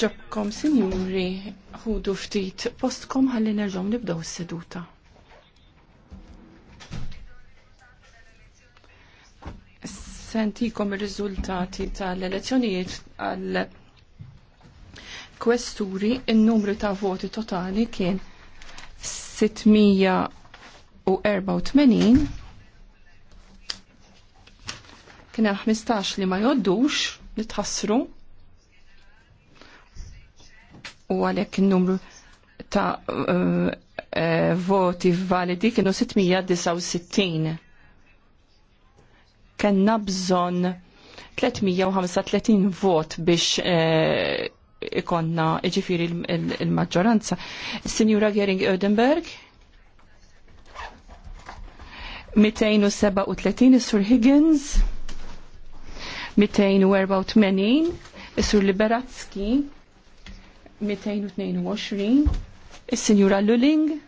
ġabkom, sinjuri ħudu ftit postkom ħalli nerġom nibdew s-seduta. Sentikom il-rizultati tal-elezzjonijiet għal kwesturi il-numru ta' voti totali kien 684 kien 15 li ma joddux li tħassru u għalhekk in-numru ta' eh, eh, voti validi kienu 669. Kenna bżonn 335 vot biex eh, ikonna iġifiri il-maġġoranza. Signora Gering Ödenberg, 237 Sur Higgins, 284 Sur Liberatski, 222, il-Sinjura Luling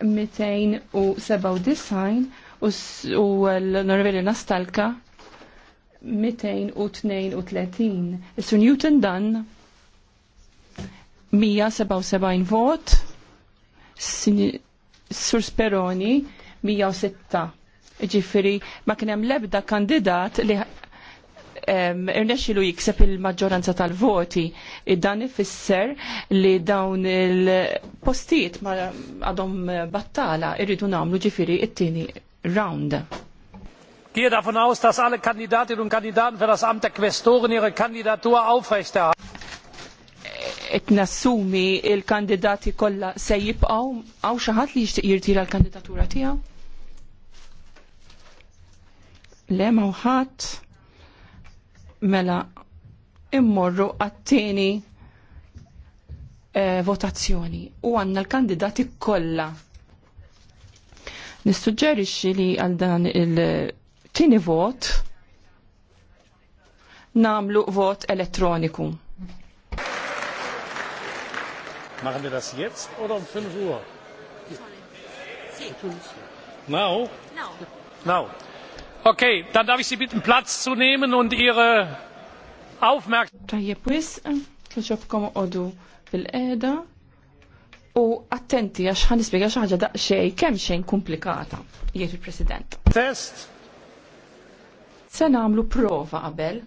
297 u l-Norveli Nastalka 232. Il-Sir Newton Dunn 177 vot, Sur Speroni 106. Ġifiri, ma kienem lebda kandidat li irnexxilu jikseb il-maġġoranza tal-voti. Dan ifisser li dawn il-postijiet ma għadhom battala irridu nagħmlu ġifieri it-tieni round. Gehe davon aus, dass alle Kandidatinnen und Kandidaten für das Amt der Questoren ihre Kandidatur aufrechterhalten. Itnassumi il-kandidati kollha se jibqgħu għaw xi ħadd li jixtieq jirtira l-kandidatura tiegħu? Le ħadd. Mela, immorru għattini eh, votazzjoni u għanna l-kandidati kolla. Nissuġġerixxi li għal dan il-tini vot namlu vot elettroniku. Machen wir das jetzt oder um 5 Uhr? Now? Now. Now. Okay, dann darf ich Sie bitten, Platz zu nehmen und Ihre Aufmerksamkeit. u attenti għax ħan nispiega xi ħaġa daqsxejn kemm xejn komplikata, jgħid il-President. Test. Se nagħmlu prova qabel.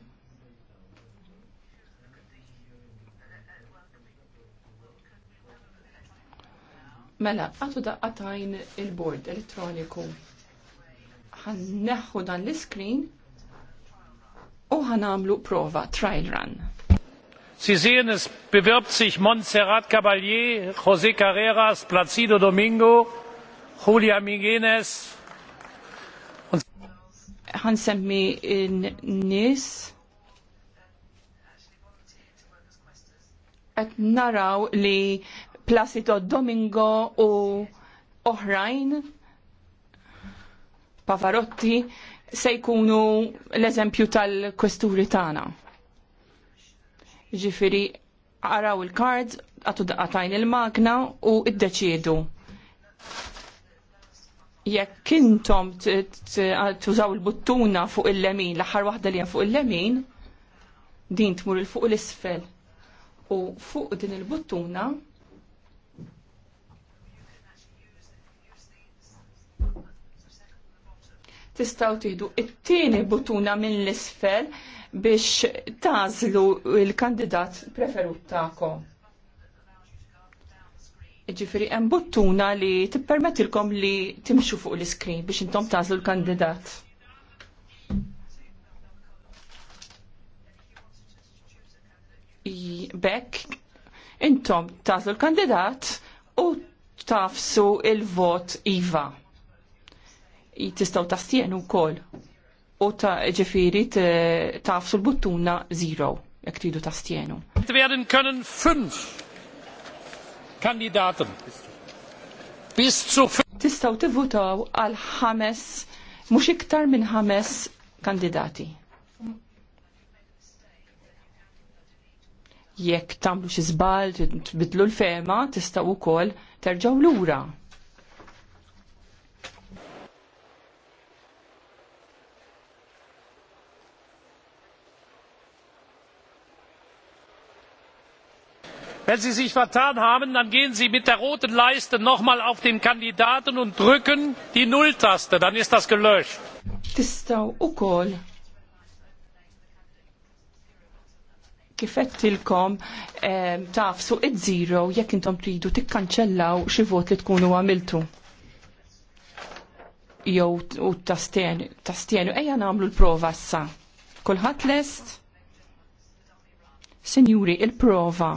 Mela, għatu daqqatajn il-bord elettroniku ħanneħħu dan l iskrin u ħanamlu prova, trial run. Sie sehen, es bewirbt sich Montserrat Caballé, José Carreras, Placido Domingo, Julia Migenes. semmi in nis Et naraw li Placido Domingo u oħrajn Pavarotti se jkunu l-eżempju tal-kwesturi tagħna. Ġifiri, araw il-kard, għatu daqatajn il-magna u id Jekk intom tużaw il-buttuna fuq il-lemin, l-aħħar waħda li fuq il-lemin, din tmur il fuq l-isfel. U fuq din il-buttuna, tistaw tiħdu it-tieni butuna l isfel biex tażlu il-kandidat preferut tagħkom. Ġifiri, hemm buttuna li tippermettilkom li timxu fuq l-iskrin biex intom tażlu l-kandidat. Bekk, intom tażlu l-kandidat u tafsu il-vot IVA tistaw tastienu kol u ta' ġifiri ta' fsul buttuna zero jek tridu tastienu. Werden können fünf Kandidaten bis zu Tistaw tivvutaw għal ħames mhux iktar minn ħames kandidati. Jekk tagħmlu xi żball tbidlu l-fema tistgħu wkoll l lura. wenn sie sich vertan haben dann gehen sie mit der roten leiste nochmal auf den kandidaten und drücken die null taste dann ist das gelöscht. tistgħu wkoll tilkom qedtilkom tafsu id zero jekk intom tridu tikkanċellaw xi vot li tkunu għamiltu. Jew u tastienu, tastienu ejja nagħmlu l-prova issa. Kulħadd lest? Sinjuri, il-prova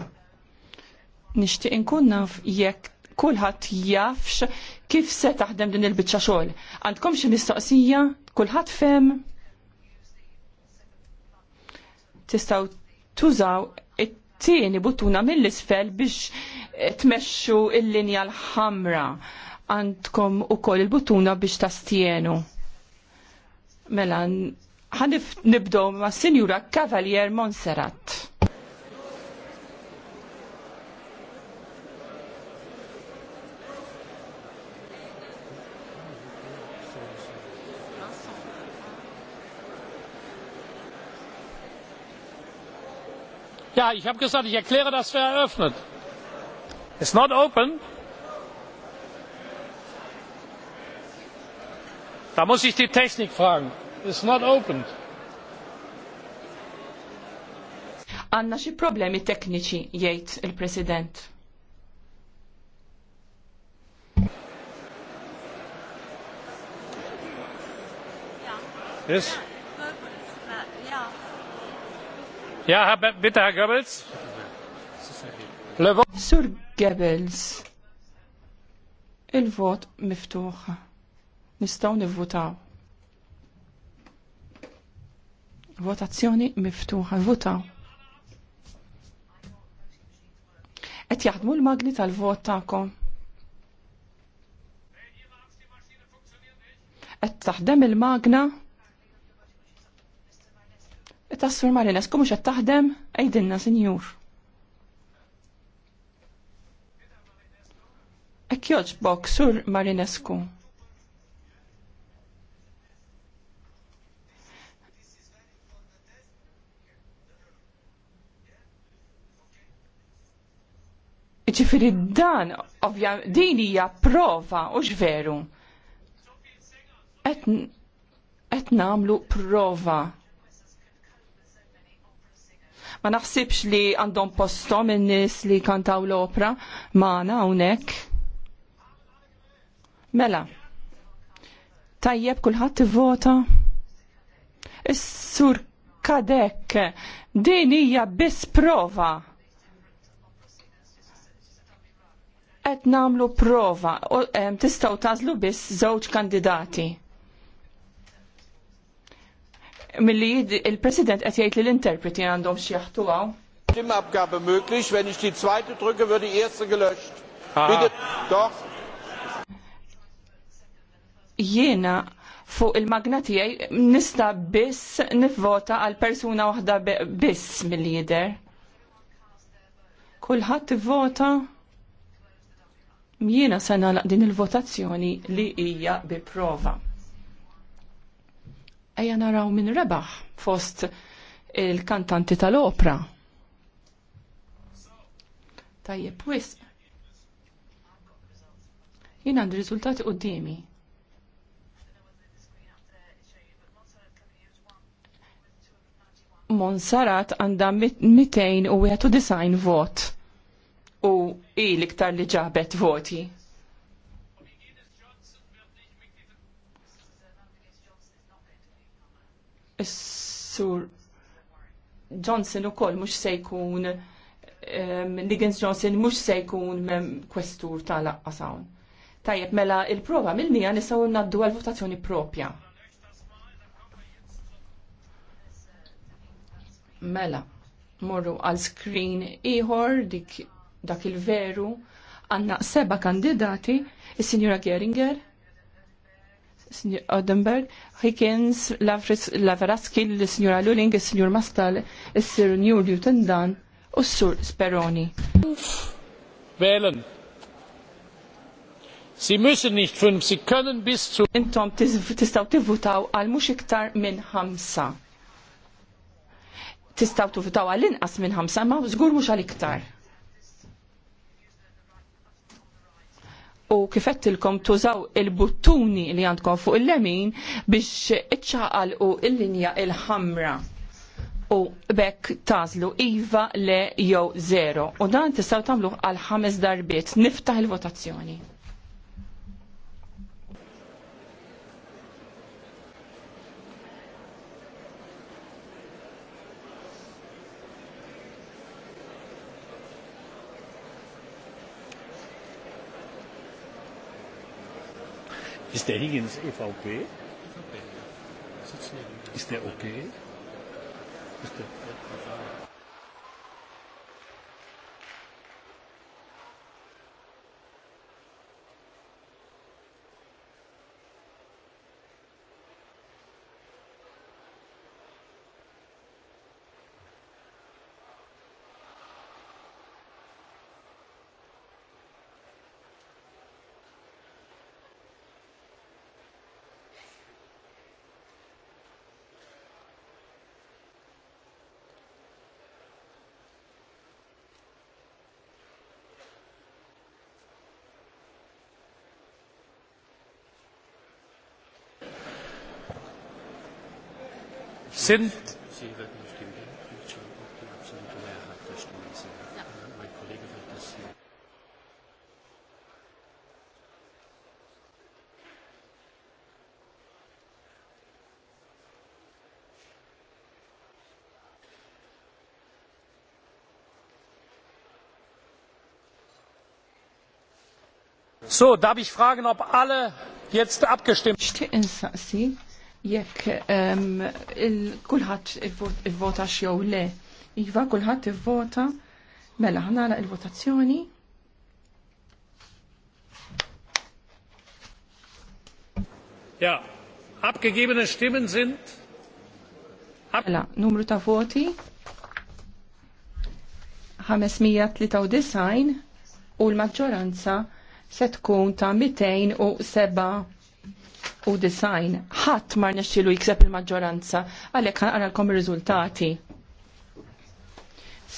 nixtieq inkun naf jekk kulħadd jafx kif se taħdem din il-biċċa xogħol. Għandkom xi mistoqsija, kulħadd fem. Tistgħu tużaw it-tieni buttuna mill-isfel biex eh, tmexxu l linja l-ħamra. Għandkom ukoll il-buttuna biex tastienu. Mela, ħanif nibdow ma' Sinjura Cavalier Monserrat. Ja, ich habe gesagt, ich erkläre das für eröffnet. It's not open. Da muss ich die Technik fragen. It's not open. Għanna xi problemi tekniċi jgħid il-President. Yes? Yeah. bitte, Herr Goebbels. Sur Goebbels, il-vot miftuħ. Nistaw nivvutaw. Votazzjoni miftuħa, votaw. Et jaħdmu l-magni tal-vot ta'kom. Et taħdem il-magna tas Sur Marinescu mhux qed taħdem għejdilna sinjur. Ek bok, Sur Marinescu. Ġifiri dan, ovja, din hija prova u veru. Et, et namlu prova Ma naħsibx li għandhom postom in-nies li kantaw l-opra magħna hawnhekk. Mela. Tajjeb kulħadd ivvota. Is-sur kadek din hija biss prova. Qed nagħmlu prova, tistgħu tażlu biss żewġ kandidati milli il-President qed jgħid li l-interpreti għandhom xi għaw. Stimmabgabe möglich, wenn ich die zweite drücke, wird die erste gelöscht. Ah. Bitte, doch. Jena fuq il magnatijaj nista biss nifvota għal persuna waħda biss mill-lider. Kulħadd ivvota jiena se nagħlaq din il-votazzjoni li hija bi prova. Eja naraw min rebaħ fost il-kantanti tal-opra. Tajjeb, wis. Jien għandi riżultati qudiemi. Monsarat għanda 291 vot u il iktar li ġabet voti. Is-sur Johnson u koll mux se jkun um, Liggins Johnson mux se jkun kwestur ta' laqqa sawn. Tajjeb, mela il-prova mill-mija nisaw naddu għal-votazzjoni propja. Mela, morru għal-screen iħor dik dak il-veru għanna seba kandidati, il signora Geringer, Signor Odenberg, Higgins, Lavraski, l-Signora Luling, il-Signor Mastal, il-Sir New Newton u s-Sur Speroni. Wählen. Sie müssen nicht fünf, Sie können bis zu... Intom tistaw tivutaw għal mux iktar minn ħamsa. Tistaw tivutaw għal inqas minn ħamsa, ma zgur mux għal iktar. u kifettilkom tużaw il-buttuni li għandkom fuq il-lemin biex iċċaqal u il-linja il-ħamra u bekk tażlu iva le jew zero. U dan tistaw tamluħ għal ħames darbiet. Niftaħ il-votazzjoni. Mr. Higgins, e if e okay. Is that okay? Mr. sind äh, So, darf ich fragen, ob alle jetzt abgestimmt haben? jekk um, kulħadd ivvota jew le. Iva kulħadd ivvota mela ħnala il-votazzjoni. Ja, abgegebene Stimmen sind ab Mela, numru ta' voti 593 u l-maġġoranza se tkun ta' 207 u design ħadd mar nexxielu jikseb il-maġġoranza għalhekk ħanqaralkom ir-riżultati.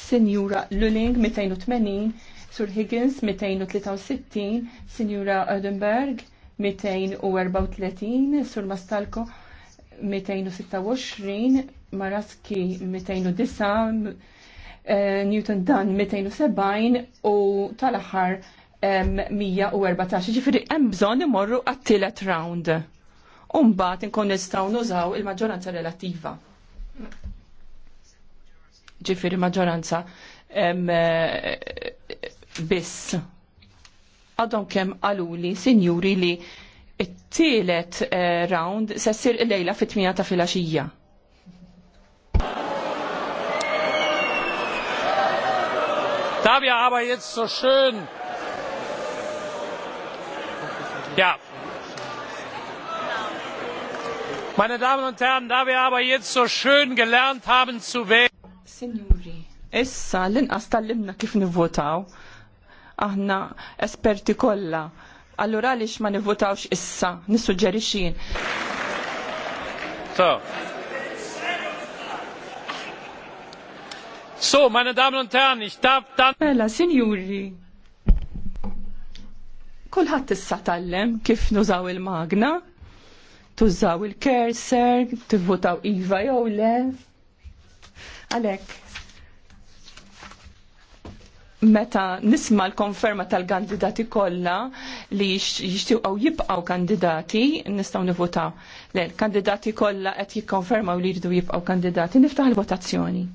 Sinjura Luling 280, Sur Higgins 263, Sinjura Odenberg 234, Sur Mastalko 226, Maraski 209, eh, Newton Dunn 270 u tal-aħħar 114, ġifiri hemm bżonn imorru għat-tielet round. Umbagħad inkun nistgħu nużaw il-maġġoranza relattiva. Ġifiri maġġoranza eh, biss. Għadhom kemm għaluli, sinjuri li it-tielet eh, round se ssir il-lejla fit-8 ta' filgħaxija. Da aber jetzt so schön Ja. Meine Damen und Herren, da wir aber jetzt so schön gelernt haben zu wählen. Signori, issa l-inqas tal-limna kif nivvotaw. Aħna esperti kolla. Allora għaliex ma nivvotawx issa, nissuġġerixin. So. So, meine Damen und Herren, ich darf dann... Bella, signori, Kulħadd issa tallem kif nużaw il-magna, tużaw il-kerser, tivvutaw iva jew le. Għalhekk meta nisma l-konferma tal-kandidati kollha li jixtiqgħu jibqgħu kandidati nistgħu nivvutaw. Le, kandidati kollha qed jikkonfermaw li jridu jibqgħu kandidati niftaħ il-votazzjoni.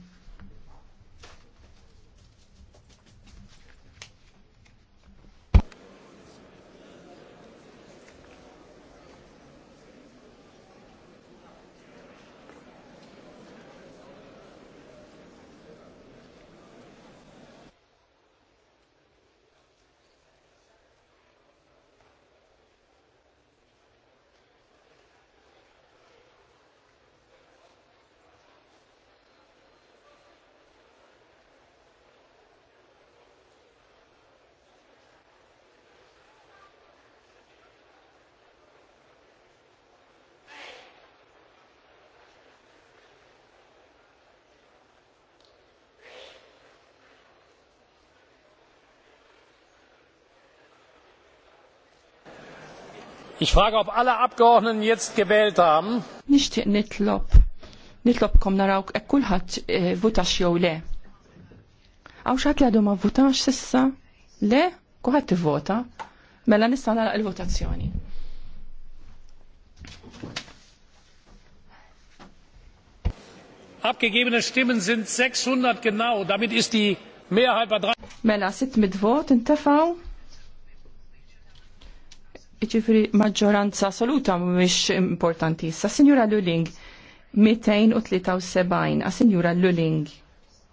Ich frage, ob alle Abgeordneten jetzt gewählt haben. Nixtieq nitlob. kom naraw hekk kulħadd e, votax jew le. Għaw xatt li għadu ma votax sissa? Le? Kuħadd vota Mela nista' nagħlaq il-votazzjoni. Abgegebene Stimmen sind 600 genau, damit ist die Mehrheit bei 3. Mela sit mit vot intefaw iċifri maġġoranza assoluta mhumiex importanti. Sa' Sinjura Luling, 273 a Sinjura Luling.